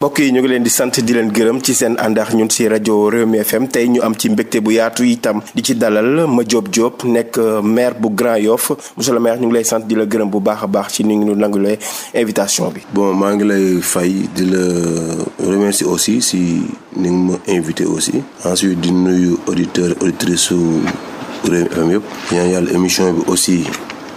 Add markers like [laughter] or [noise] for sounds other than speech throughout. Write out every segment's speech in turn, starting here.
mbokk yi ñu ngi leen di sant di leen gërëm ci seen àndax ñun si rajo Rewmi FM tey ñu am ci mbégte bu yaatu itam di ci dalal ma Madiop Diop nekk euh, maire bu Grand Yoff monsieur ñu ngi lay sant di la gërëm bu baax a baax ci ni ngi ñu nangulee invitation bi. bon maa ngi lay fay di la remercier aussi si ni nga ma invité aussi ensuite di nuyu auditeurs auditrices su Rewmi FM yëpp. ñaan yàlla émission bi aussi.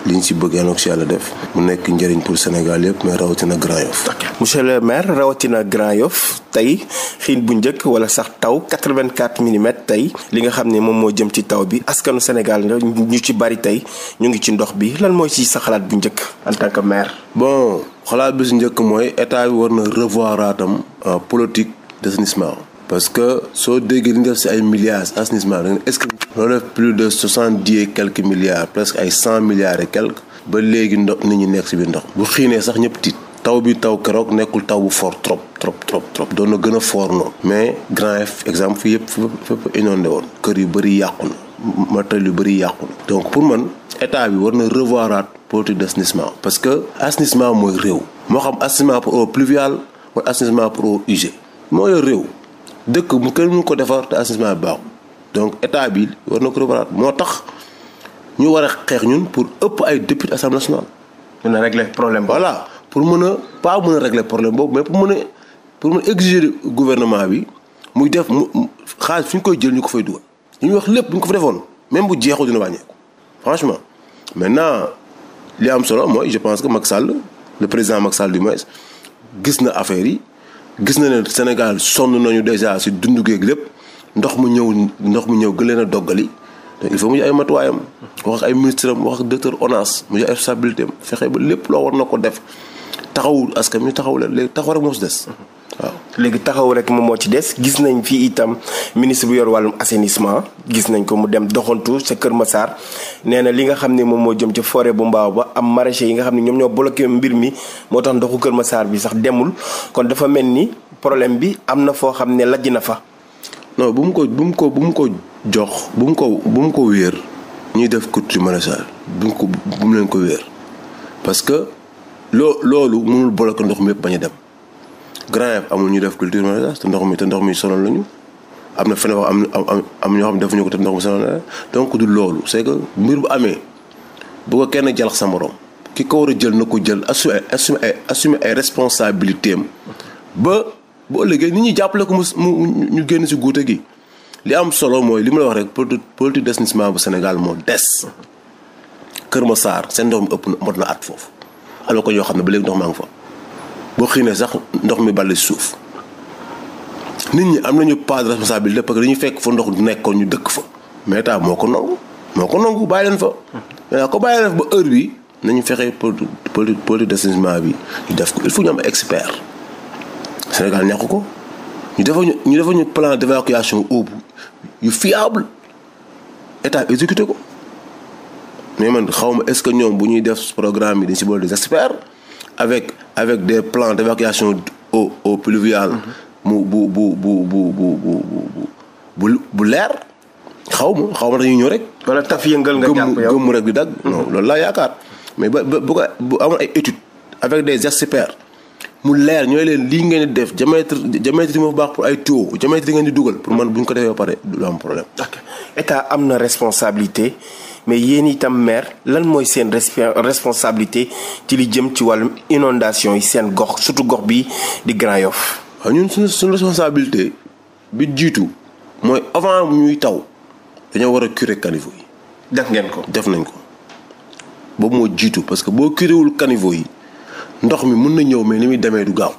li ñu si bëgg yàlla si yàlla def mu nekk njëriñ pour Sénégal yëpp mais rawatina Grand Yoff. monsieur le maire rawatina Grand Yoff tey xiin bu njëkk wala sax taw 84 millimètres tey li nga xam ne moom moo jëm ci taw bi askanu Sénégal ñu ci bari tey ñu ngi ci ndox bi lan mooy si sa xalaat bu njëkk en tant que maire. bon xalaat bi si njëkk mooy état bi war na revoir aatam euh, politique d'assainissement parce que soo déggee li ñu def si ay milliards assainissement da est-ce que loo def plus de soixante-dix et quelques milliards presque ay cent milliards et quelques ba léegi ndox nit ñi nekk si biir ndox bu xiinee sax ñëpp tiit taw bi taw keroog nekkul taw bu fort trop trop trop trop doon na gën a foor noonu mais Grand Yoff exemple fi yëpp fépp inondé woon kër yu bëri yàqu na matériel yu bëri yàqu na donc pour man état bi war na revoirate politique d'assainissement parce que assainissement mooy réew xam assainissement pour eau pluviale wala assainissement pour mooy réew dëkk mu kenn mënu ko defar te assainissement bi baaxul donc état bi war na ko defaraat moo tax ñu war a xeex ñun pour ëpp ay député assemblée nationale. mën a régler problème boobu. voilà pour mën a pas mën a régler problème boobu mais pour mën a pour mën a exiger bi muy def mu xaalis fi ñu koy jël ñu ko fay dugal. li ñuy wax lépp bu ñu ko fa defoon même bu jeexul dina wàññeeku franchement maintenant li am solo mooy je pense que Macky Sall le président Macky Sall du moins gis na affaire yi. gis na ne Sénégal sonn nañu déjà si dundu géeg lépp ndox mu ñëw ndox mu ñëw gën leen a doggali donc il faut mu ji ay matuwaayam wax ak ay ministre am wax ak docteur ONAS mu ji ay responsabilité fexe ba lépp loo war na ko def taxawul askan ñu taxaw leen léegi taxaw rek moo si des waaw léegi taxaw rek moom moo ci des gis nañ fii itam ministre bu yor wàllum assainissement gis nañ ko mu dem doxantu sa Kër Massar nee na li nga xam ne moom moo jëm ca forêt bu mbaaw ba am maraîchers yi nga xam ne ñoom ñoo bloqué mbir mi moo tax ndoxu Kër Massar bi sax demul kon dafa mel ni problème bi am na foo xam ne lajj na fa. non bu mu ko bu mu ko bu ko jox bu mu ko bu mu ko wéer ñuy def culture maraîchère bu mu ko bu mu leen ko wéer parce que loo loolu mënul bloqué ndox mi yëpp bañ a dem. Grand Yoff amul ñu def culture maraîchage te ndox mi te ndox mi solo nañu am na feneen am am am ñoo xam ne defuñu ko te ndox mi sonal na du loolu c'est mbir bu amee bu kenn jalax sa morom ki ko war a jël na ko jël assumer assumer ay ay responsabilités am ba bu ëllëgee nit ñi jàppale ko mu ñu génn si guute gi li am solo mooy li ma wax rek politique d'assainissement bu Sénégal moo des Kër Massar seen ndox ëpp na mot na at foofu am ko yoo xam ne ba léegi ndox maa ngi fa. boo xiinee sax ndox mi bale si suuf nit ñi am nañu pas de responsabilité parce que dañu fekk foo ndox nekkoon ñu dëkk fa mais état moo ko nangu moo ko nangu bàyyi leen fa. mais ko bàyyi leen fa ba heure bi nañu fexe poli politique d'assainissement bi ñu def ko il faut ñu am expert Sénégal ñàkk ko ñu defal ñu ñu defal ñu plan d'évacuation eau yu fiable état exécuté ko mais man xaw ma est-ce que ñoom bu ñuy def programme yi dañ si boole des experts avec. avec des plans d'évacuation eau eau pluviale mu bu bu bu bu bu bu bu leer xaw ma xaw ma dañuy ñëw rek. wala taf yëngal nga jàpp yow gëmm rek di dagg. Mhm. non yaakaar mais ba bu ko ay études avec des experts mu leer ñooy leen lii ngeen di def diamètre diamètre moo baax pour ay tuyaux diamètre ngeen di dugal pour man bu ko defee ba pare du am problème. état am na responsabilité. mais yéen itam maire lan mooy seen responsabilité ci li jëm ci wàllum inondation yi seen gox surtout gox bi di Grand Yoff waaw ñun suñu suñu bi jiitu mooy avant ñuy taw dañoo war a curer caniveau yi. def ngeen ko def nañ ko boobu moo jiitu parce que boo curéwul caniveau yi ndox mi mun na ñëw mais ni muy demee du gaaw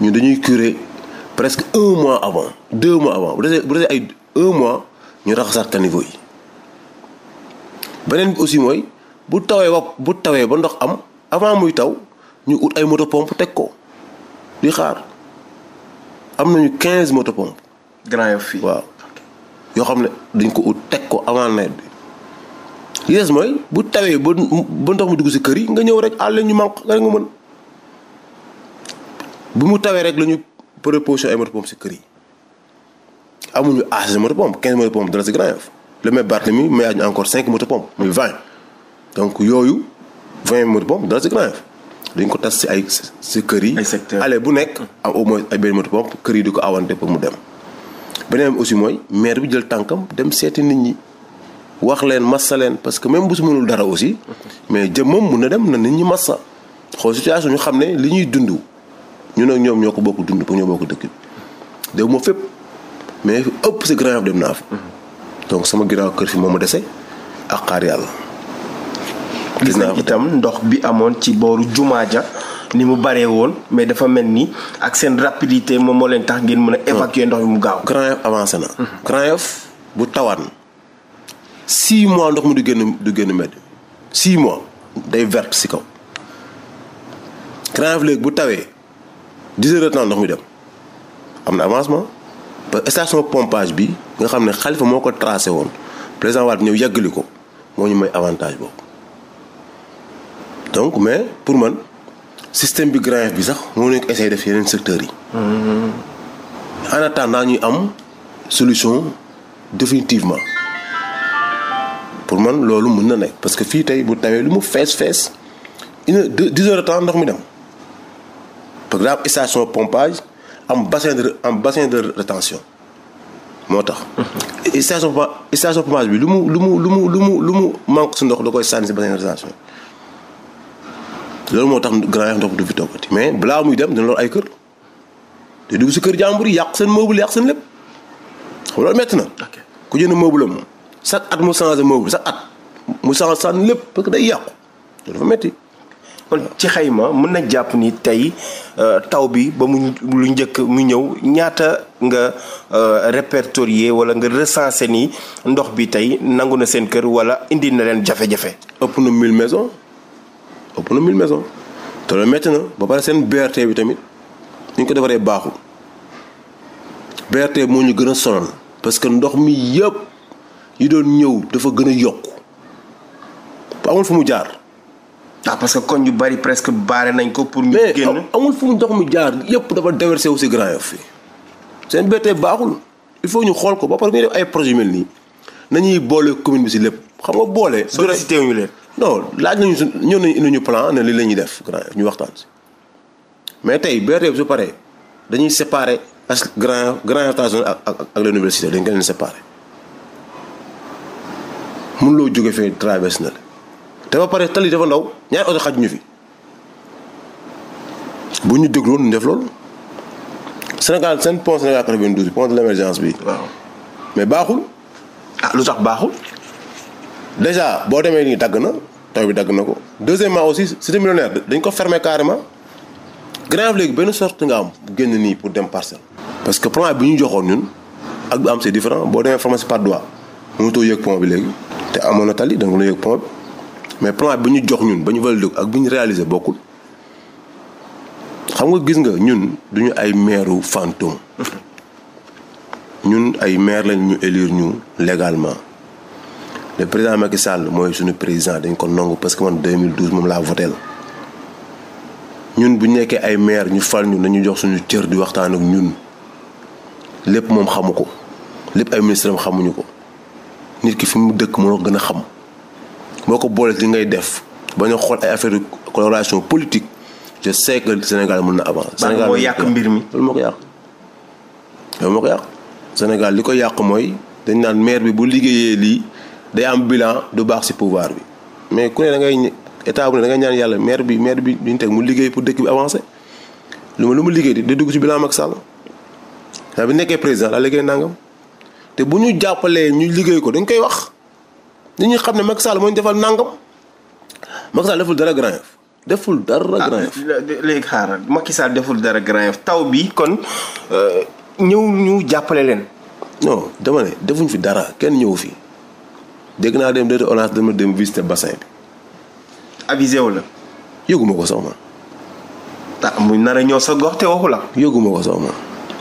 ñu dañuy curer presque un mois avant deux mois avant bu desee ay un mois ñu raxasaat caniveau yi. beneen bi aussi mooy bu tawee wa bu tawee ba ndox am avant muy taw ñu ut ay moto pompe teg ko di xaar am nañu quinze moto pompe. Grand Yoff fii yoo xam ne dañ ko ut teg ko avant nawet bi li des mooy bu tawee ba ba ndox mu dugg si kër yi nga ñëw rek àll ñu manque nga mën bu mu tawee rek la ñu préposition ay moto pompe si kër yi amuñu as moto pompe quinze moto pompe dana si Grand Yoff le maire Barthélemy mayaat ñu encore 5 motopompes muy 20 donc yooyu 20 motopompes dana si Grand Yoff dañ ko tas si ay si kër yi. ay secteurs allez bu nekk am au moins ay benn motopompe kër yi di ko awante pour mu dem. beneen aussi mooy maire bi jël tànkam dem seeti nit ñi wax leen massa leen parce que même bu su mënul dara aussi mais jëmmam mun na dem na nit ñi massa xool situation ñu xam ne li ñuy dund ñu ak ñoom ñoo ko bokk dund ba ñoo bokk dëkk bi. dem ma fépp mais ëpp si Grand Yoff dem naa fa. Mm-hmm. donc sama ginnaaw kër fi moom mu dese ak xaar yàlla. gis nañ itam ndox bi amoon ci booru jumaa ja ni mu baree woon mais dafa mel ni ak seen rapidité moom moo leen tax ngeen mën a hmm. évacuer ndox bi mu gaaw. Grand Yoff na. Hmm. Grand bu tawaan six mois ndox mi du génn du génn mbedd six mois day verte si kaw bu tawee dix ndox mi dem am na avancement. parce que station pompage bi nga xam ne xalifa moo ko tracé woon président Wade ñëw yàggali ko moo ñu may avantage boobu donc mais pour man système bi Grand Yoff bi sax moo nañ ko essayé def yeneen secteurs yi. en attendant ñuy am solution définitivement pour man loolu mën na nekk parce que fii tey bu tawee lu mu fees fees une dix heures de temps ndox mi dem parce que daa am station pompage. am bassin de am bassin de rétention moo tax. Mhm. station station pompage bi lu mu lu mu lu mu lu mu lu mu manque su ndox da koy sànni si bassin de rétention loolu moo tax Grand Yoff ndox du fi toogati mais balaa muy dem dina lor ay kër te dugg si kër jàmbur yi yàq seen meuble yàq seen lépp xam loolu métti na. ku jënd meuble am chaque at mu changé meuble chaque at mu changé sànni lépp parce que day yàqu loolu dafa métti. kon ci xayma mën na jàpp ni tey euh, taw bi ba mu lu njëkk mu ñëw ñaata nga euh, répertorier wala nga recenser ni ndox bi tey nangu na seen kër wala indi na leen jafe-jafe. ëpp na 1000 maisons ëpp na 1000 maisons te loolu na ba pare seen BRT bi tamit ni ñu ko defaree baaxul BRT moo ñu gën a sonal parce que ndox mi yëpp yi doon ñëw dafa gën a yokku amul fu mu jaar. waaw ah, parce que koñ yu bari presque baare nañ ko pour. ñu génn amul fu mu ndox mu jaar yëpp dafa déversé wu si Grand Yoff fi seen BRT baaxul il faut ñu xool ko ba pare def ay projet yu mel nii nañuy boole commune bi si lépp xam nga boole. sollicité wu ñu leen. laaj nañu suñ ñëw nañu indi ñu plan ne lii la ñuy def Grand Yoff ñu waxtaan si mais tey BRT bi su paree dañuy séparer as Grand Grand Yoff station ak ak ak l'université dañ ko leen séparer mënuloo jóge fee traversé na te ba pare tali dafa ndaw ñaari oto xaj ñu fi bu ñu déglu woon ñu def loolu Sénégal seen pont Sénégal 92 pont de l'émergence bi. waaw mais baaxul. ah lu tax baaxul. déjà boo demee nii dagg na taw bi dagg na ko. deuxièmement aussi cité millionnaire dañ ko fermer carrément. grave léegi benn sorte nga am génn nii pour dem parcelle. parce que plan bi ñu joxoon ñun ak bi am c'est différent boo demee pharmacie Patte d'Oie mënatoo yëg pont bi léegi. te amoon na tali da nga mën yëg pont mais plan bi ñu jox ñun ba ñu valider ak bu ñu réaliser bokkul xam nga gis nga ñun du ñu ay maire fantôme ñun ay maire lañ ñu élire ñu légalement le président Macky Sall mooy suñu président dañ ko nangu parce que man 2012 moom laa voté ñun bu nekkee ay maire ñu fal ñu nañu jox suñu cër di waxtaan ak ñun lépp moom xamu ko lépp ay ministre am xamuñu ko nit ki fu mu dëkk moo gën a xam. boo ko boole li ngay def ba ñu xool ay affaire coloration politique je Sénégal mën na avancer. Sénégal moo yàq mbir mi loolu moo ko yàq. loolu moo Sénégal li ko yàq mooy dañ naan maire bi bu liggéeyee lii day am bilan du baax ci pouvoir bi mais ku ne da ngay état bu ne da ñaan yàlla maire bi maire bi duñ teg mu liggéey pour dëkk bi avancé lu ma lu mu liggéey di dugg ci bilan Macky Sall bi nekkee président daa liggéey nangam te bu ñu jàppalee ñu liggéey ko dañ koy wax. nit ñi xam ne Macky Sall moo defal nangam Macky deful dara Grand Yoff deful dara ah, Grand Yoff léegi xaaral Macky deful dara Grand taw bi kon euh, ñëw ñu jàppale leen. non dama ne defuñ fi dara kenn ñëw fi dégg naa dem déedéet ONAS dama dem visiter bassin bi. avisé wu la. yëguma ko sax ma. ah mu nar ñëw sa gox te waxu la. yëguma ko sax ma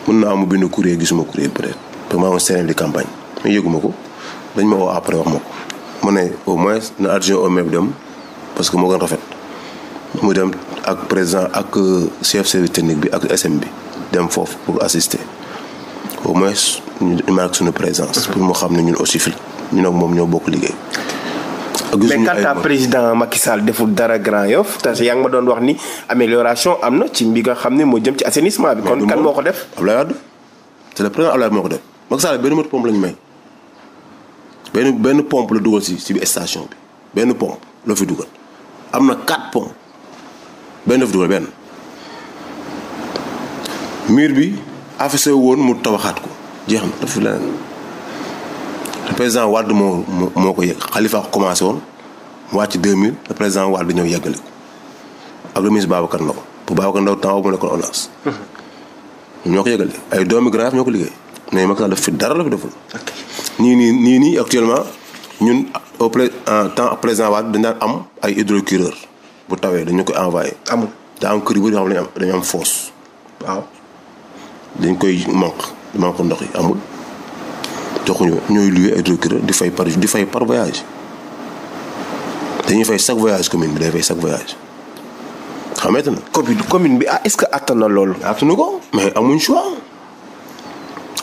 mun naa am benn courrier gisuma courrier peut-être. parce que di campagne mais yëguma ko dañ ma woo après wax ma ko. mu ne au moins na adjoint au maire bi dem parce que moo gën rafet mu dem ak président ak euh, chef service technique bi ak SM bi dem foofu pour assister au moins ñu marque suñu présence. pour mu xam ne ñu aussi fii ñun ak moom ñoo bokk liggéey. mais quant à président Macky Sall deful dara Grand Yoff te yaa ngi ma doon wax ni amélioration am na ci mbi nga xam ne moo jëm ci assainissement bi. kon kan moo ko def Abdoulaye Wade c'est le président Abdoulaye def Macky Sall benn mot pompe la ñu may. benn benn pompe la dugal si si station bi benn pompe loo fi dugal am na quatre pompes benn la dugal benn mur bi affaissé woon mu tawaxaat ko jeex na dafa leneen le président Wade moo moo ko yegg Khalifa commencé woon mu wàcc mille le président Wade ñëw yeggale ko ak le ministre Babacar Ndao pour Babacar Ndao temps boobu mu nekkoon ONAS [laughs] ñoo ko yeggale ay doomi Grand Yoff ñoo ko liggéey mais Macky Sall daf fi dara la fi deful. ok nii nii nii nii actuellement ñun au pré temps présent waat dañ daan am ay hydrocureur bu tawee dañu koy envoyé. amul daa am kër yu bëri yoo xam ne am dañu am fosse. waaw dañ koy manque manque ndox yi amul joxuñu ñooy loué ay hydrocureur di fay par di fay par voyage dañuy fay chaque voyage commune bi day fay chaque voyage. xamante na commune commune bi ah est-ce que attan na loolu. attanu ko mais amuñ choix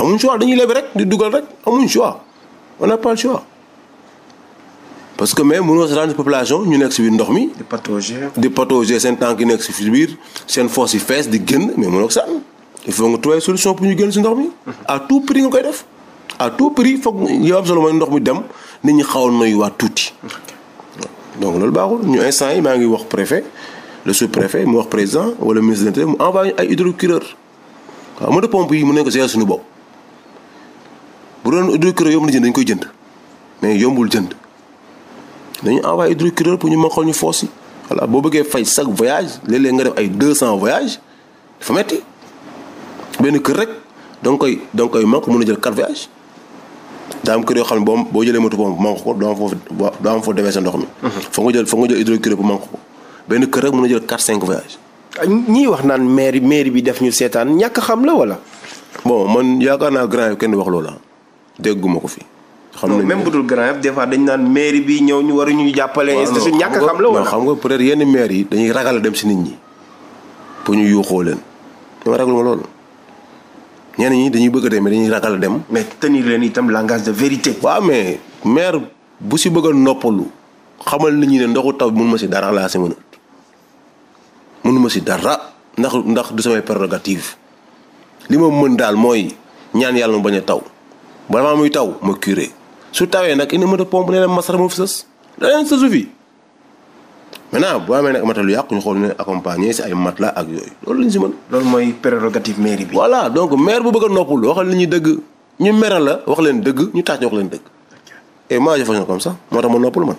amuñ choix dañuy leb rek di dugal rek amuñ choix. on n'a pas le parce que mais mënoo rendre population ñu nekk si biir ndox mi. di patauger di patauger seen tànk yi nekk si biir seen force yi fees di génn mais mënoo ko sànn il faut nga trouver solution pour ñu génn si ndox mi. à tout prix nga koy def à tout prix foog li am solo mooy ndox mi dem nit ñi xaw a noyyiwaat tuuti. donc loolu baaxul ñu instant yi maa ngi wax préfet le sous-préfet mu wax président wala ministre de mu envoyé ay hydrocureurs waaw moto pompe yi mën nañu ko suñu bopp. bu doon hydrocureur yomb na jënd dañ koy jënd mais yombul jënd dañu envoyé hydrocureur pour ñu mën ñu foos yi voilà boo bëggee fay chaque voyage léeg-léeg nga def ay 200 voyages dafa metti benn kër rek da nga koy koy manque mën a jël 4 voyages daa yoo xam ne boo jëlee moto boobu manque ko doo am foofu doo defee sa ndox mi. Mhm. foo nga jël foog nga jël hydrocureur pour manque ko benn kër rek mën a jël 4 5 voyages. ñii wax naan mairie mairie bi def ñu seetaan ñàkk xam la wala. bon man yaakaar naa grand yi kenn wax loola ah. dégguma ko fi. xam nañ même bu dul des fois dañ naan mairie bi ñëw ñu war a ñuy jàppale. waaw non ñàkk xam la wala xam nga peut être yenn maire yi dañuy ragal dem si nit ñi pour ñu yuuxoo leen dama loolu. ñenn ñi dañuy bëgg a dem dañuy ragal dem. mais tenir leen itam langage de vérité. waaw mais maire bu si bëgg noppalu xamal nit ñi ne ndoxu taw bi ma si dara laa si mënut mënu si dara ndax ndax du samay prérogative li ma mën daal mooy ñaan yàlla mu bañ a taw. balaa muy taw ma curé su tawee nag indi moto pompe nee na masara moo fi sës da leen sësu fi maintenant boo amee nag matal lu yàqu ñu xool ne accompagner si ay la ak yooyu loolu lañ si mën. loolu mooy prérogative maire bi. voilà donc maire bu bëgg a noppul waxal li ñuy dëgg ñu meral la wax leen dëgg ñu taaj wax leen dëgg et moi je fonctionne moo tax ma noppul man.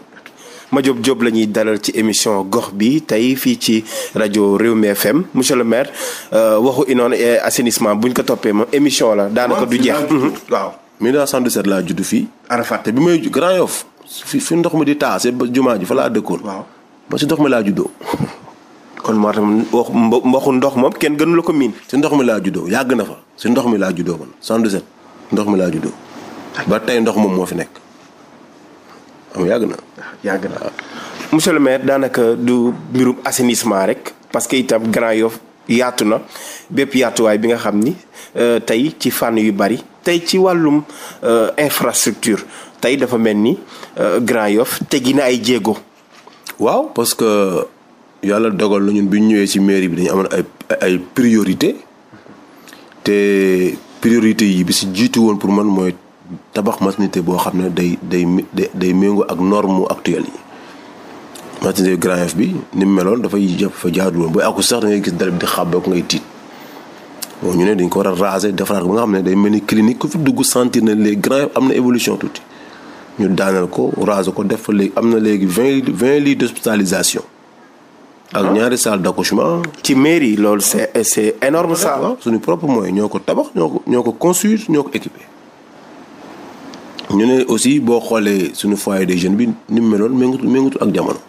Madiop Diop la ñuy dalal ci émission gox bi tey fii ci rajo Rewmi FM monsieur le maire euh, waxu inoon assainissement buñ ko toppee moom émission la. daanaka du jeex mhm. waaw. 1917 laa judd fii. Arafat te bi may Grand Yoff fi fi ndox mi di taa ba jumaa ji fa laa dëkkoon. waaw ba si ndox mi laa juddoo. [laughs] kon ma tax wax ndox moom kenn gënu la ko miin. si ndox mi laa juddoo yàgg na fa si ndox mi laa juddoo man 117 ndox mi laa juddoo. ba tey ndox moom moo fi nekk am yàgg na. Ah, yàgg na ah. monsieur le maire daanaka du mbirum assainissement rek parce que itam Grand Yoff yaatu na bépp yaatuwaay bi nga xam ni euh, tey ci fànn yu bari tey ci wàllum euh, infrastructure tey dafa mel ni euh, Grand Yoff tegi na ay jéego. waaw parce que yàlla dogal na ñun bi ñu ñëwee ci mairie bi dañu amoon ay ay priorité te priorité yi bi si jiitu woon pour man mooy tabax maternité boo xam ne day day day méngoo ak norme actuelle yi. maternité Grand Yoff bi ni mu meloon dafay fa jaadu woon booy àqu sax da gis dara bi di xàbbeeku ngay tiit. bon ñu ne dañ ko war a raser defaraat ko ba nga xam ne day mel ni clinique ku fi dugg sentir na léegi grand am na évolution tuuti ñu daanal ko raser ko def fa léegi am na léegi vingt lii lits d'hospitalisation ak ñaari salle d'accouchement ci mairie loolu c'est c'est énorme ça waaw suñu propre moyen ñoo ko tabax ñoo ko ñoo ko construire ñoo ko équipé ñu ne aussi boo xoolee suñu foyer des jeunes bi ni mu meloon méngutu méngutu ak jamono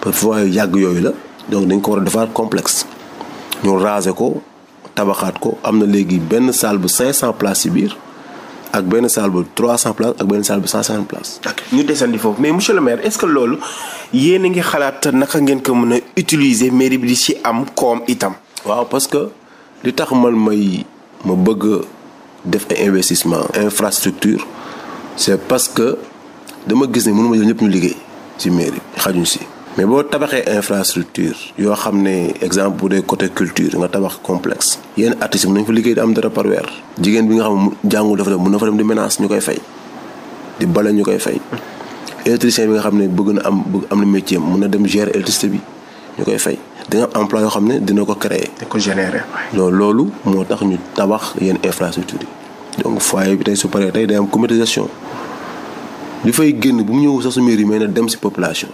parce que foyer yàgg yooyu la donc dañ ko war a defaat complexe ñu raser ko tabaxaat ko am na léegi benn salle bu cent place ci biir ak benn salle trois 300 places ak benn salle bu 150 places. ok ñu desandi foofu mais monsieur le maire est-ce que loolu yéen a ngi xalaat naka ngeen ko mën a utiliser mairie bi di ci am koom itam. waaw parce que li tax man may ma bëgg def ay investissement infrastructure c'est parce que dama gis ne mënuma jël ñëpp ñu liggéey ci mairie xajuñ si mais boo tabaxee infrastructure yoo xam ne exemple bu dee côté culture nga tabax complexe yenn artistes yi mën nañ fa liggéey di am dara par weer jigéen bi nga xam ne jàngul dafa dem mën na fa dem ñu koy fay di bale ñu koy fay électricien bi nga xam ne bëgg na am bëgg am na métier mën na dem gérer électricité bi ñu koy fay di nga am emploi yoo xam ne dina ko créer. di ko générer waay. loolu moo tax ñu tabax yenn infrastructure yi donc foyer bi tey su paree tey day am communautarisation li fay génn bu mu ñëw sax su mairie may na dem si population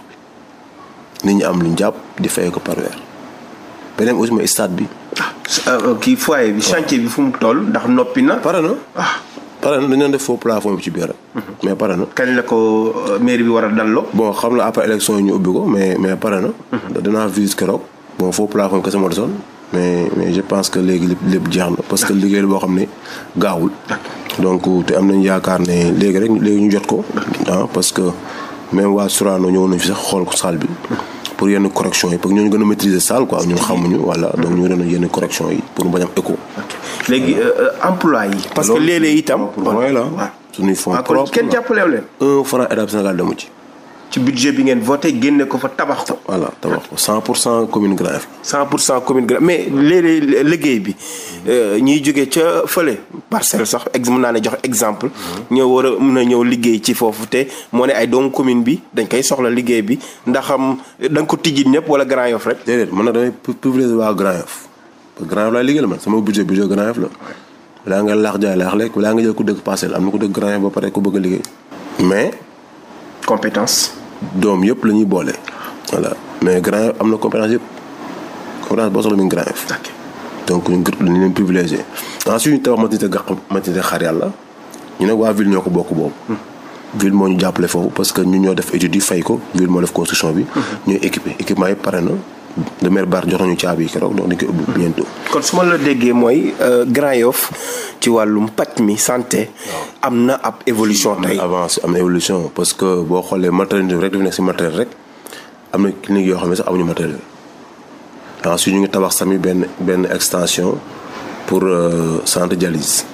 nit ñi am lu ñu jàpp di fay ko par peneen beneen aussi mooy stade bi. Ah, euh, euh, kii foyer bi chantier bi fu mu toll ndax noppi na. pare na ah. pare na dañu def foofu plafond bi ci biir mhm. mais pare na. kañ ko euh, mairie bi war a dalloo. bon xam nga après élection ñu ubbi ko mais mais pare na. Mhm. danaa visite keroog. bon foofu plafond kese moo desoon mais mais je pense que léegi lépp lépp jeex na parce que ah. liggéey boo xam ne gaawul. donc te am nañu yaakaar ne léegi rek léegi ñu jot ko. ah parce que. même waa Sorano ñëw nañ fi sax xool salle bi. pour yenn correction yi pour ñooñu gën a maîtriser salle quoi ñun xamuñu voilà donc ñu doon yenn correction yi pour bañ am écho. léegi euh, euh, emploi yi. parce que léeg-léeg itam. pour mooy la suñuy fonds ah, propres kenn jàppalew leen. un franc état Sénégal demu ci. ci budget bi ngeen voté génne ko fa tabax ko. voilà tabax ko 100 pour cent commune Grand Yoff. pour cent commune Grand mais liggéey bi euh, ñiy jóge ca fële parcelle sax ex naa ne jox exemple. ñoo war a mën a ñëw liggéey ci foofu te moo ne ay doomu commune bi dañ koy soxla liggéey bi ndaxam da nga ko tijji ñëpp wala Grand Yoff rek. déedéet mën na damay privilégié waa Grand Yoff parce que Grand sama budget budget Grand Yoff la. balaa nga laax jaay laax lekk balaa nga jël ku dëkk parcelle am na ku dëkk Grand Yoff ba pare ku bëgg a liggéey mais. compétence. doom yëpp la ñuy boole. voilà mais grand am na compétence yëpp compétence boo soxla mi ngi grand F. donc ñun ñu dañu leen privilégié. ensuite ñu tabax maternité gàq maternité xaar yàlla ñu ne waa ville ñoo ko bokk boobu. Hmm. ville moo ñu jàppale foofu parce que ñu ñoo def étude yi fay ko ville moo def construction bi. Hmm. ñooy équipé équipement yi pare na le maire Bar jox nañu caabi keroog donc dañ koy kon su ma la déggee mooy euh, Grand Yoff ci wàllum paj mi santé. am na ab évolution tey. avance am na évolution parce que boo xoolee maternité rek dafa nekk si maternité rek am na clinique yoo xam ne sax amuñu maternité ensuite ñu ngi tabax sami benn benn extension pour euh, centre dialyse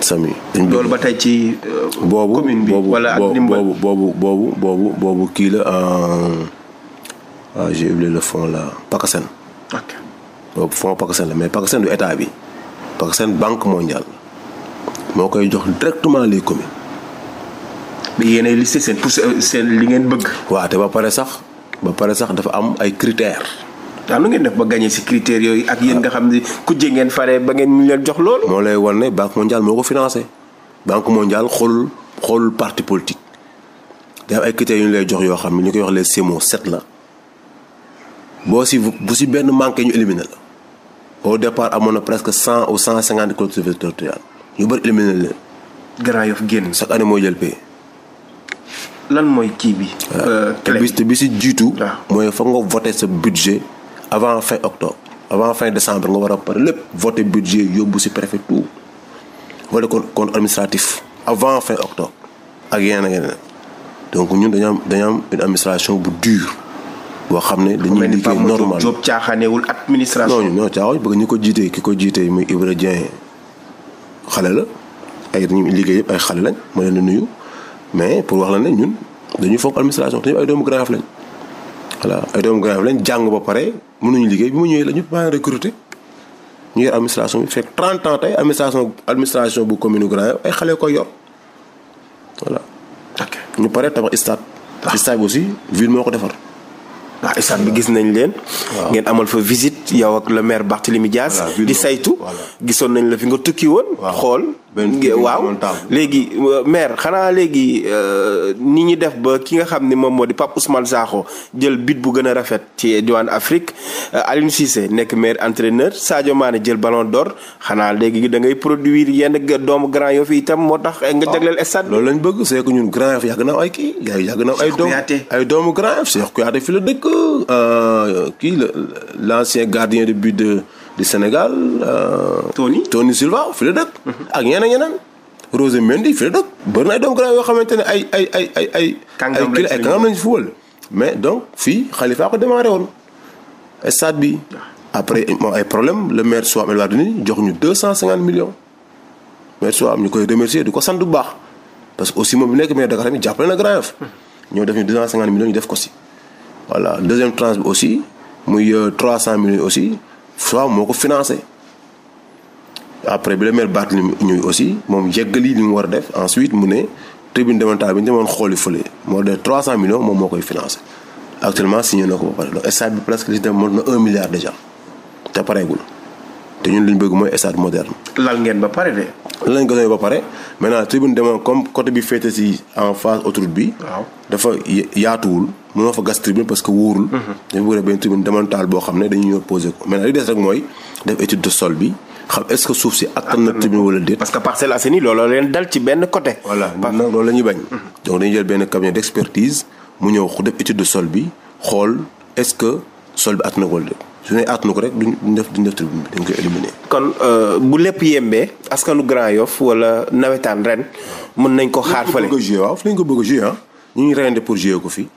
sami. loolu ba tey ci. Euh, commune bi wala boobu boobu boobu boobu boobu kii la. waaw ah, j'ai oublié la fond là PACASEN. ok boobu oh, fond PACASEN la mais PACASEN du état bi PACASEN banque mondiale moo koy jox directement les communes. mais yéenay listé seen pour euh, seen li ngeen bëgg. waaw te ba pare sax ba pare sax dafa am ay critères. waaw nu ngeen def ba gagné ci critères yooyu ak yéen nga xam ne kujje ngeen fare ba ngeen ñu leen jox loolu. moo lay wan ne banque mondiale moo ko financé banque mondial xoolul xoolul parti politique day am ay critères yu ñu lay jox yoo xam ne ñu koy wax les CEMO 7 la. boo si bu si benn manqué ñu éliminé la au départ amoon na presque cent ou cent cinquante collectivités territoriales ñu bëri éliminé leen. Grand Yoff génn. chaque année mooy jël paie. lan mooy kii bi. Euh, te bi si jiitu. Ah. mooy foog nga voté sa budget avant fin octobre. avant fin décembre nga war a pare lépp. voté budget yóbbu si préfet tout voté kon kon administratif. avant fin octobre. ak yeneen ak yeneen donc ñu dañu am am une administration bu dure. boo xam ne dañuy liggéey normal Diop caaxaanewul administration. non non caaxaan bëgg ñu ko jiitee ki ko jiitee muy Ibra Dieng xale la ay liggéey yëpp ay xale lañ ma leen nuyu mais pour wax la ne ñun dañuy fonk administration te ay doomu lañ. voilà ay doomu Grand Yoff lañ jàng ba pare mënuñu liggéey bi mu ñëwee la ñu maa recruter ñu yor administration bi fekk 30 ans tey administration bu commune Grand Yoff ay xale ko yor voilà. ñu pare tabax stade. Ah. stade bi aussi ville moo ko defar. ah isaan bi gis nañ leen. ngeen amal fa visit yow ak le maire Barthélémy Dias. di saytu. gisoon nañ la fi nga tukki woon. xool waaw léegi euh, maire xanaa léegi euh, ni ñi def ba ki nga xam ni moom moo di Pape Ousmane Sakho jël but bu gën a rafet ci diwaan Afrique euh, Aliou Cissé nekk maire entraîneur Sadio Mané jël ballon door xanaa léegi da ngay produire yenn doomu Grand Yoff fi itam moo tax. nga jagleel stade loolu lañ bëgg c'est ñun Grand Yoff yàgg na ay kii yàgg na ay doomu ay doomu Grand Yoff Cheikh Kouyaté fi la dëkk kii l'ancien gardien de but de. du Sénégal. Euh, Tony Tony Silva fi la dëkk. ak ñeneen ñeneen. Rose Mendy fi la dëkk. bëri na ay doomu gannaaw yoo xamante ne ay ay ay ay ay. kàngam lañ ay kàngam lañ wël mais donc fii Khalifa ko démarré woon stade bi. Ah. après moom ay problème le maire Soham El jox ñu deux cent cinquante millions. maire Soham ñu koy remercier du ko sant bu baax parce que aussi moom bi nekk maire Dakar tamit jàppale na Grand Yoff. ñoo def ñu deux cent def ko si. voilà deuxième tranche aussi muy euh, trois cent millions aussi. Fra moo ko financé après bi la maire Barthélémy ñuy aussi moom yeggali li mu war a def ensuite mu ne tribune départementale bi ñu demoon xooli fële moo de 300 millions moom moo koy financé actuellement signé na ko ba pare donc stade bi presque li ci dem mot na 1 milliard déjà te pareegul. te ñun li ñu bëgg mooy stade moderne. lal ngeen ba pare de. lal ngeen ba pare maintenant tribune demoon comme côté bi féete si en face autoroute bi. waaw dafa yaatuwul mënoo fa gas tribune parce que wóorul. Mhm. dafa bëgg benn tribune démontable boo xam ne dañuy ñëw posé ko maintenant li des rek mooy def étude de sol bi. xam est-ce que suuf si attan na tribune wala déet. parce que Parcelles Assainies looloo leen dal ci benn côté. voilà nag loolu la ñuy bañ. Mhm. donc dañuy jël benn cabinet d'expertise mu ñëw def étude de sol bi xool est-ce que sol bi attan na wala déet. su ne aatuñu ko rek duñ def duñ def tribune bi dañ koy éliminé. kon euh, bu lépp yembee askanu Grand Yoff wala nawetaan ren mën nañ ko xaar fële. waaw fi lañ bëgg a ah. ñu ngi reyante pour jouer ko fii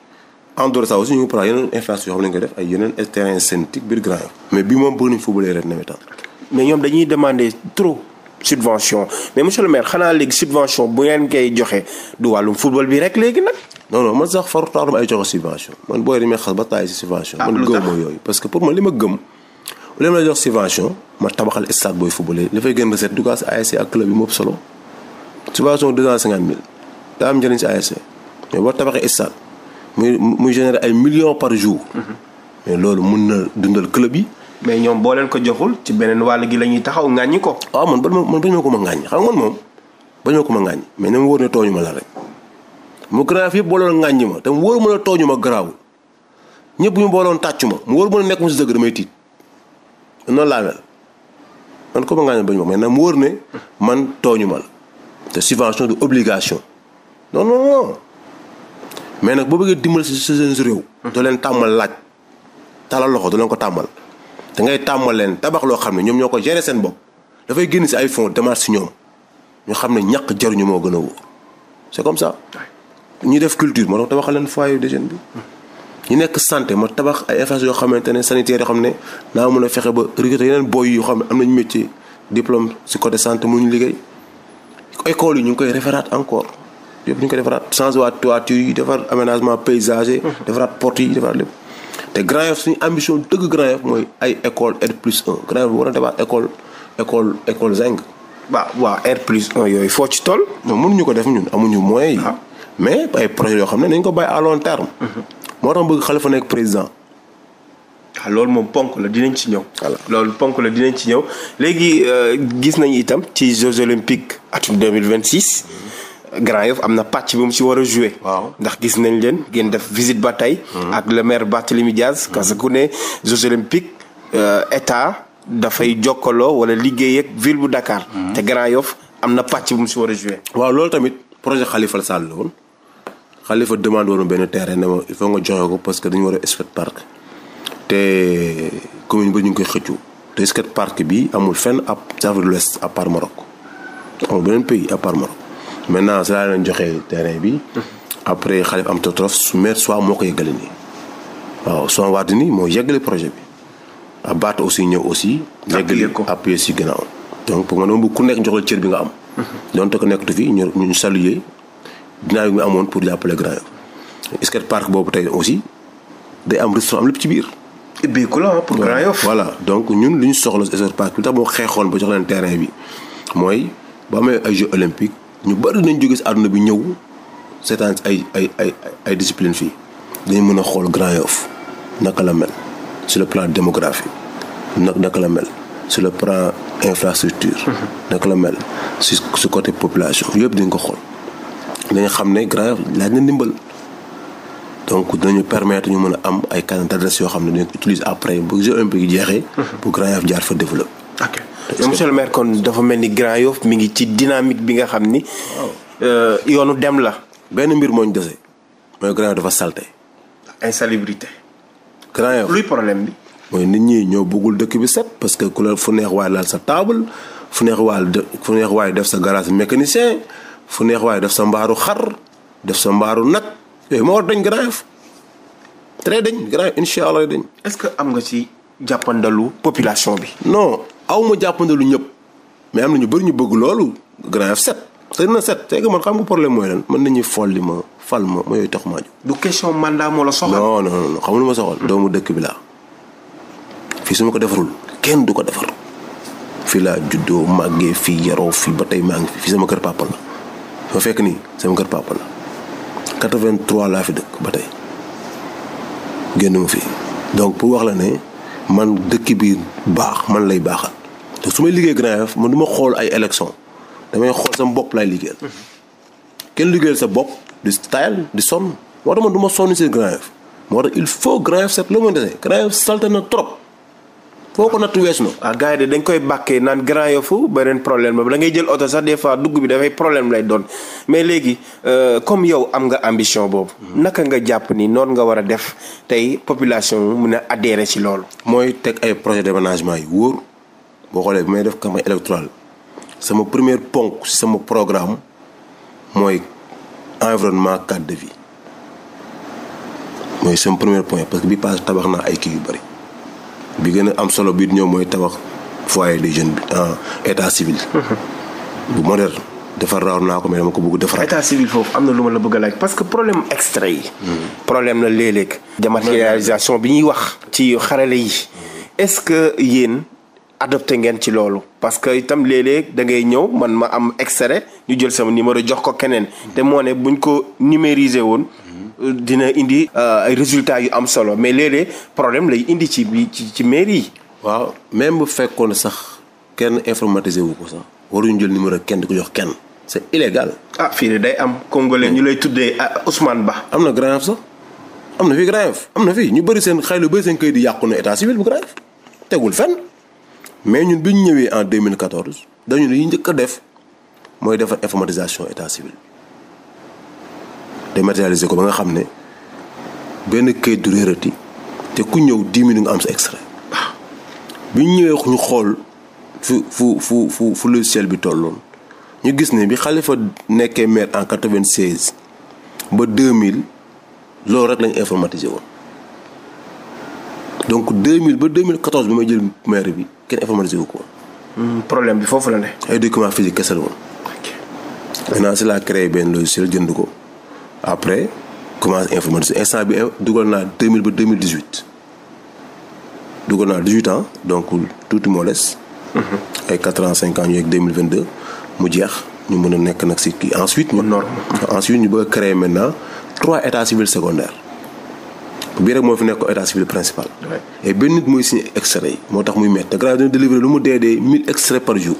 en dehors ça aussi ñu ne nga def ay yeneen terrain synthétique biir Grand Yoff. mais bi moom bëgg nañ footballé ren nawetaan. mais ñoom dañuy demander trop subvention mais monsieur le maire xanaa léegi subvention bu ngeen koy joxe du wàllum football bi rek léegi nag. non non man sax faru taarum ay joxe subvention man booy dañuy xas ba taay si subvention. Ah, man gëw ma que pour man ma gëm. li ma jox subvention ma tabaxal stade booy footballé li fay gën recette du ko si ASC ak club yi moo solo subvention deux cent cinquante mille daa am njëriñ si ASC mais boo tabaxee stade muy muy générer ay millions par jour. mais loolu mun na dundal club yi. mais ñoom boo leen ko joxul ci beneen wàll gi la ñuy taxaw ŋàññi ko. waaw ah, man man bañ ma ko ma ŋàññi xam nga man moom bañ ma ko ma ŋàññi mais na ma wóor ne tooñu ma la rek. mu graaf yëpp booloon ŋàññi ma te mu wóor mën a tooñu ma garaaw ñëpp ñu booloon tàccu ma mu wóor mën a nekk ma si dëgg damay tiit noonu laa mel man ko ma ŋàññi bañ ma mais mu wóor ne man tooñu ma la te subvention du obligation non non non mais nag boo bëggee dimbal si seen réew. doo leen tàmmal laaj talal loxo doo leen ko tàmmal te ngay tàmmal leen tabax loo xam ne ñoom ñoo ko gérer seen bopp dafay génn si ay fonds démarche si ñoom ñu xam ne ñàkk jaruñu moo gën a wóor c'est comme ça. ñu def culture moo tabaxal leen foyer de jeune bi ñu nekk santé ma tabax ay effaces yoo xamante ne sanitaire yoo xam ne naa mën a fexe ba recruter yeneen boy yoo xam ne am nañu métier diplôme si côté santé mu ñu liggéey école yi ñu ngi koy referaat encore yëpp ñu ngi koy defaraat changé defar aménagement paysager. defaraat porte yi defaraat lépp. te Grand suñu ambition dëgg Grand mooy ay école R plus 1 Grand war a defar école école école zinc. waaw waaw R plus 1 yooyu foo ci toll. non mënuñu ko def ñun amuñu moyens yi. Ah. mais ay projet yoo xam ne nañ ko bàyyi à long terme. moo tax bëgg Khalifa nekk président. waaw ah, loolu moom ponk la dinañ ci ñëw. lool ponk la dinañ ci ñëw léegi euh, gis nañ itam ci Jeux olympiques atum 2026 Grand Yoff am na pàcc bu mu ci war a joué. waaw ndax gis nañ leen ngeen def visite ba tey. Mhm. ak le maire Barthélémy Diaz. Mhm. parce que ku ne Jeux olympiques euh, état dafay jokkaloo wala liggéey ak bu Dakar. Mhm. te Grand Yoff am na pàcc bu mu ci war a joué. waaw loolu tamit projet Khalifa Sall la woon. xalifa demande woon benn terrain ne ma il faut nga joxe ko parce que dañu war a skate park te commune ba ñu ngi koy xëccu te skate park bi amul fenn ab Afrique de l'Ouest à part Maroc amul beneen pays à part Maroc maintenant si laa leen joxee terrain bi après xalifa am totrof su maire soit moo ko yëgale nii waaw soo waat ni moo yëgale projet bi baat aussi ñëw aussi. yëgale ko appuyé si gannaaw donc pour nga doon bu ku nekk jox la cër bi nga am. Mhm. donte ko nekkatu fi ñu ñu dinaa bi amoon pour jàppale Grand Yoff skate park boobu tey aussi day am restaurant am lépp ci biir. ubbeeku la ah pour Grand Yoff voilà donc ñun li ñu soxla skate park bi tax moo xeexoon ba jox leen terrain bi mooy ba amee ay Jeux olympiques ñu bari nañ jóge si àdduna bi ñëw seetaan ay ay ay ay discipline fii. dañ mën a xool Grand Yoff naka la mel sur le plan démographique nag naka la mel sur le plan infrastructure. Mhm. naka la mel si su côté population yëpp dañ ko xool. dinañ xam ne Grand Yoff laaj na ndimbal donc dinañu permettre ñu mën a am ay carnet d'adresse yoo xam ne dañ ko utilise après bu jeexee. pour mhm. Grand Yoff jaar fa développer. ok mais monsieur maire kon dafa mel ni Grand Yoff mi ngi ci dynamique bi nga xam ni. Euh, yoonu dem la. benn mbir mooñ dese mooy Grand Yoff dafa salté. insalubrité. Grand Yoff bi. mooy nit ñi ñoo buggul dëkk bi set parce que ku la fu neex waay laal sa table fu neex waay fu neex waay def sa garage mécanicien. fu neex waaye def sa mbaaru xar def sa mbaaru nag yooyu moo war dañ Grand Yoff très dañ Grand Yoff incha allah dañ. est-ce que am nga ci jàppandalu population bi. no aw ma jàppandalu ñëpp mais am na ñu bëri ñu bëgg loolu Grand Yoff set sëñ na set tey man xam nga problème mooy lan mën nañuy folli ma fal ma ma yooyu tax maa jóg. du question mandat moo la soxal. non non non xamul ma soxal. doomu dëkk bi laa fii su ko defarul kenn du ko defar fii laa juddoo màggee fii yaroo fii ba tey maa ngi fi fii sama kër fa fekk nii sama kër papa la 83 laa fi dëkk ba tey génn ma fii donc pour wax la ne man dëkk bi baax man lay baaxal te su may liggéey Grand Yoff man duma xool ay élection damay xool sama bopp laay liggéeyal. Mhm. kenn liggéeyal sa bopp di tayal di sonn moo tax man du sonn si Grand Yoff moo tax il faut Grand Yoff set loo mën dese Grand Yoff salte na trop. foo ko natt weesu na. ah gars yi de dañ koy bàkkee naan Grand Yoff beneen problème la da ngay jël oto sax des fois dugg bi dafay problème lay doon mais léegi euh, comme yow am nga ambition boobu. Hmm. naka nga jàpp ni noonu nga war a def tey population mu mun a adhérer ci loolu. mooy teg ay projet d'aménagement yi wóor boo xoolee bi may def campagne électorale sama première ponk sama programme mooy environnement cadre de vie mooy sama premier point parce que bi naa ay kii yu bëri. bi gën a am solo bi ñëw mooy tabax foyer des jeunes bi en état civil. bu moderne defar raw naa ko mais dama ko bëgg defar. état civil foofu am na lu ma la bëgg a laaj parce que problème extrait yi. Hmm. problème na léeg-léeg. dématérialisation bi ñuy wax. ci xarale yi hmm. est-ce que yéen. adopté ngeen ci loolu parce que itam léeg-léeg da ngay ñëw man ma am extrait ñu jël sama numéro jox ko keneen hmm. te moo ne buñ ko numériser woon dina indi euh, ay résultats yu am solo mais léeg-léeg problème lay indi ci bi ci ci mairie yi. waaw même bu fekkoon sax kenn informatisé wu ko sax waruñu jël numéro kenn di ko jox kenn c'est illégal. ah fii de day am congolais ñu lay tuddee ah, Ousmane Ba. am na Grand Yoff sax am na fi Grand Yoff am na fi ñu bëri seen xaylu bëri seen kayit di yàqu na état civil bu Grand tegul fenn mais ñun bi ñëwee en 2014 dañu li ñu njëkk a def mooy defar informatisation état de dématérialiser ko ba nga xam ne benn kayit du réerati te ku ñëw dix minutes nga am sa extrait bi ñu ñëwee ñu xool fu fu fu fu fu logiciel bi tolloon ñu gis ne bi xalifa nekkee maire en quatre vingt seize ba deux mille loolu rek lañ informatisé woon donc deux mille ba deux mille quatorze bi may jël maire bi kenn informatisé wu ko woon. Hmm, problème bi foofu la ne. ay documents physiques kese la woon. ok maintenant si laa créé benn logiciel jënd ko. après commence information instant bi eh, dugal naa mille ba 2018 dugal naa 18 ans donc tuuti moo des. Mhm. ay 4 ans 5 ans ñu yegg 2022 mu jeex ñu mën a nekk nag si kii ensuite. ñu norme ensuite ñu bëgg a créer maintenant trois états civils secondaires bii rek moo fi nekk état civil principal. et benn nit muy signé extrait yi moo tax muy métti te grave dina délivrer lu mu dee dee 1000 extraits par jour.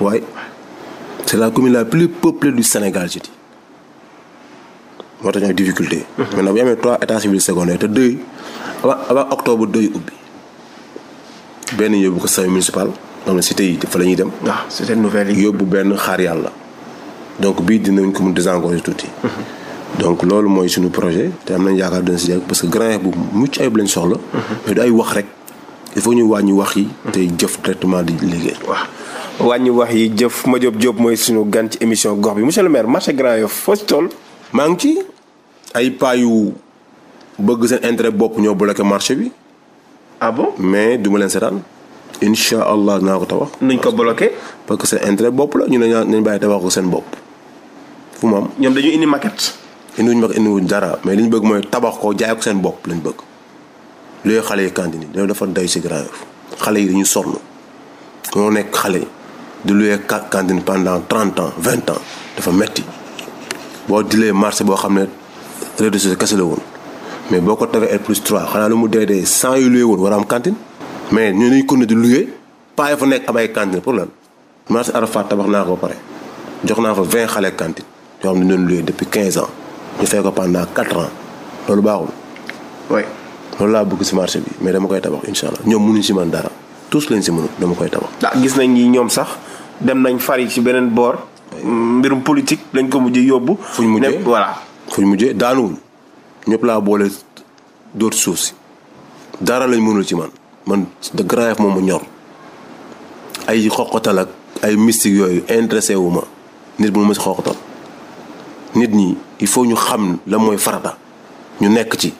waaye c' la commune la plus peuplée du Sénégal je moo tax ñu difficulté. Mhm. maintenant bu ñu amee trois états civils secondaires te deux avant avant octobre deux ubbi benn yóbbu ko service municipal xam ne cité yi fa la ñuy dem. ah cité nouvelle yi yóbbu benn xaar yàlla. donc bii dinañ ko mun désengorger tuuti. Mhm. donc loolu mooy suñu projet te am nañ yaakaar dina si parce que grand bu mucc ayib lañ soxla. Mhm. mais du ay wax rek il faut ñu wàññi wax yi. te jëf traitement di liggéey. waaw wàññi wax yi jëf Madiop Diop mooy suñu gan ci émission gox bi monsieur le maire marché Grand Yoff foo maa ngi ci ay paa yu bëgg seen intérêt bopp ñoo bloqué marché bi. ah bon mais du ma leen seetaan incha allah naa ko tabax. nañ ko bloqué. parce que seen intérêt bopp la ñu ne nañ bàyyi tabax ko seen bopp fu mu am. ñoom dañuy indi maquette. indiwuñ maquette indiwuñ dara mais li ñu bëgg mooy tabax ko jaay seen bopp lañ bëgg. léegi xale yi cantine dañoo dafa day si Grand xale yi dañu sonn ñoo nekk xale di loué cantine pendant trente ans vingt ans dafa metti boo dilee marché boo xam ne rez-de-chaussée kese la woon mais boo ko tafee R plus 3 xanaa lu mu dee dee 100 yu luye woon war a am cantine. mais ñu dañu continuer di luye paa fa nekk am ay cantine pour lan marché Arafat tabax naa ko pare jox naa fa 20 xale cantine yoo xam ne ñu doon luye depuis 15 ans ñu fay ko pendant 4 ans loolu baaxul. oui loolu laa bëgg si marché bi mais dama koy tabax incha allah ñoom mënuñ si man dara tous lañ si mënul dama koy tabax. ndax ah, gis nañ ni ñoom sax dem nañ fari ci beneen boor. mbirum politique lañ ko mujjee yóbbu. fuñ mujjee ne voilà. fuñ mujjee daanuwuñ ñëpp laa boole dootu suuf si dara lañ mënul ci man man de grave moom mu ñor ay xoqatal ak ay mystique yooyu intéressé wu ma nit bu ma si xoqatal nit ñi il faut ñu xam la mooy farata ñu nekk ci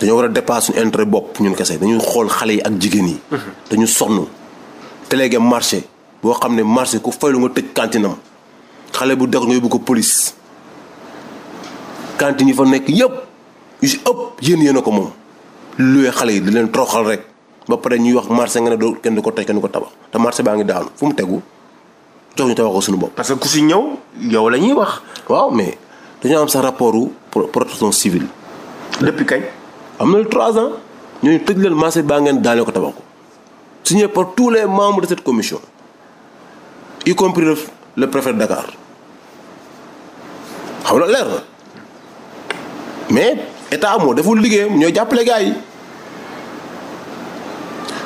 dañoo war a dépasser suñu intérêt bopp ñun kese dañuy xool xale yi ak jigéen yi. Mhm. dañu sonn. te léegi marché boo xam ne marché ku fay lu nga tëj kantinam xale bu dog nga yóbbu ko police kantin yi fa nekk yëpp yu si ëpp yéen yéen ko moom lu wee xale yi di leen toroxal rek ba pare ñuy wax marché nga ne doo kenn du ko toj ko tabax te marché baa ngi daanu fu mu tegu jox ñu tabax ko suñu bopp. parce que ku si ñëw yow la ñuy wax. waaw mais dañoo am rapport u protection civile. depuis kañ. am na lu trois ans ñooñu tëj leen marché baa ngeen daanee ko tabax ko signé par tous les membres de cette commission y compris le préfet de Dakar xam na leer la mais état moo deful liggéeyam ñoo jàppale gars yi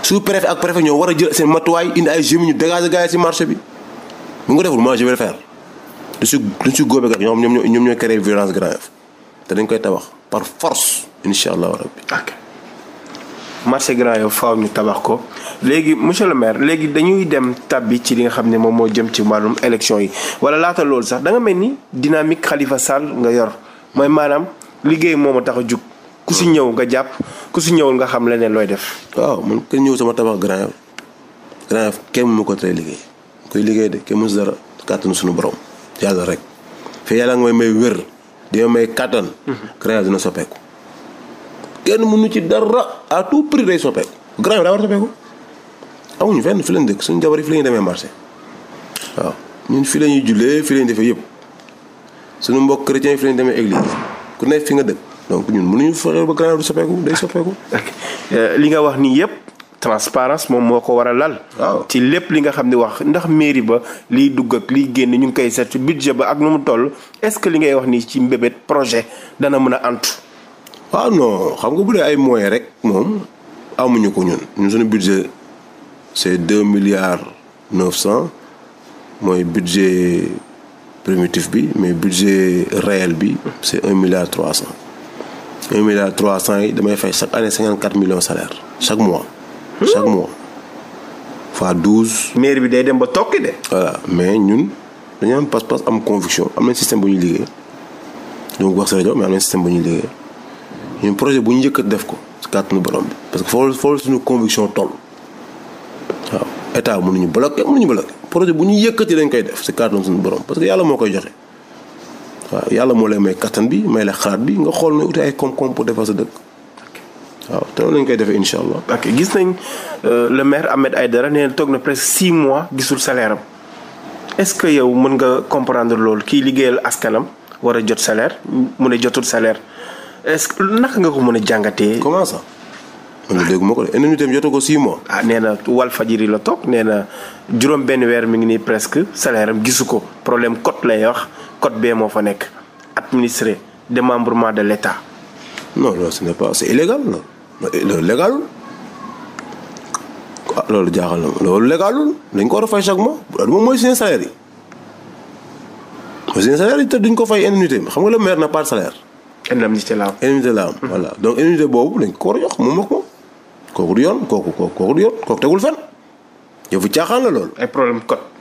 sous préfet ak préfet ñoo war a jël seen matuwaay indi ay jeunes ñu dégager gars si marché bi mu ngi deful moi je vais lu faire du si du si góobee kat ñoom ñoom ñoo ñoom ñoo créé violence grave te dañ koy tabax par force incha allah rabbi marché Grand Yoff faaw ñu tabax ko léegi monsieur le maire léegi dañuy dem tabbi ci li nga xam ne moom moo jëm ci wàllum élection yi wala laata loolu sax danga mel ni dynamique xalifa Sall nga yor mooy maanaam liggéey moom ma tax a jug ku si ñëw nga jàpp ku si ñëwul nga xam leneen looy def. waaw man kenn ñëw sama tabax Grand Yoff Grand Yoff kenn mu ko tey liggéey koy liggéey de kenn mu si dara kàttanu suñu borom yàlla rek fii yàlla nga may may wér di may may kàttan. Mhm. Grand soppeeku. kenn mënu ci dara à tout prix day soppeeku grand yi daa war a soppeeku amuñu fenn fi lañ fi la ñuy demee marché waaw ñun fi la ñuy jullee fi la ñuy defee yëpp suñu mbokk chrétien yi fi la demee église ku nekk fi nga dëkk donc ñun mënuñu fexe ba grand du soppeeku day soppeeku. [laughs] Euh, li nga wax nii yëpp. transparence moom moo ko war a lal ci lépp li nga xam ne wax ndax mairie ba lii dugg ak liy génn ñu ngi koy set budget ba ak nu mu toll est-ce que li ngay wax nii ci mbébét projet dana mën a antu waaw ah, non xam nga bu dee ay moyens rek moom amuñu ko ñun ñun suñu budget c'est deux milliards neuf cent mooy budget primitif bi mais budget réel bi c'est un milliard trois cent un milliard trois cent yi damay fay chaque année cinquante quatre millions salaire chaque mois chaque mois fois douze maire bi day dem ba tokki de voilà mais ñun dañu am passe-passe am conviction am nañ système bu ñuy liggéey donc wax sa rajo mais am nañ système bu ñuy liggéey ñun projet bu ñu njëkk def ko si kàttanu borom bi parce que foofu foofu suñu conviction toll waaw état mënuñu ñu mënuñu bloqué projet bu ñu yëkkati dañ koy def si kàttanu suñu borom parce que yàlla moo koy joxe waaw yàlla moo lay may kattan bi may la xalaat bi nga xool ne uti ay koom-koom pour defar sa dëkk. waaw lañ koy defee incha allah. ok gis nañ euh, le maire Ahmed Aïdara nee na toog na presque six mois gisul salaire am est-ce que yow mën nga comprendre loolu kii liggéeyal askanam war a jot salaire mu ne jotul salaire. est-ce que naka nga ko mën a jàngatee. comment ça. man de dégg ma ko de indi nitam jotoo ko 6 mois. ah nee na Walfadjri la toog nee na juróom benn weer mi ngi nii presque salaire am gisu ko problème code lay wax code bee moo fa nekk administré démembrement de membrement de non ce n'est pas c'est illégal la loolu légalul ah, loolu jaaxal loolu légalul dañ ko war a fay chaque mois du moom mooy seen yi mooy seen salaire yi te duñ ko fay indemnité xam nga la maire n'a pas de indemnité la am. indemnité la am mhm. voilà boobu dañ ko war a jox moom kooku du yoon kooku kooku du yoon kooku tegul fenn yëfu caaxaan la loolu. ay problème code.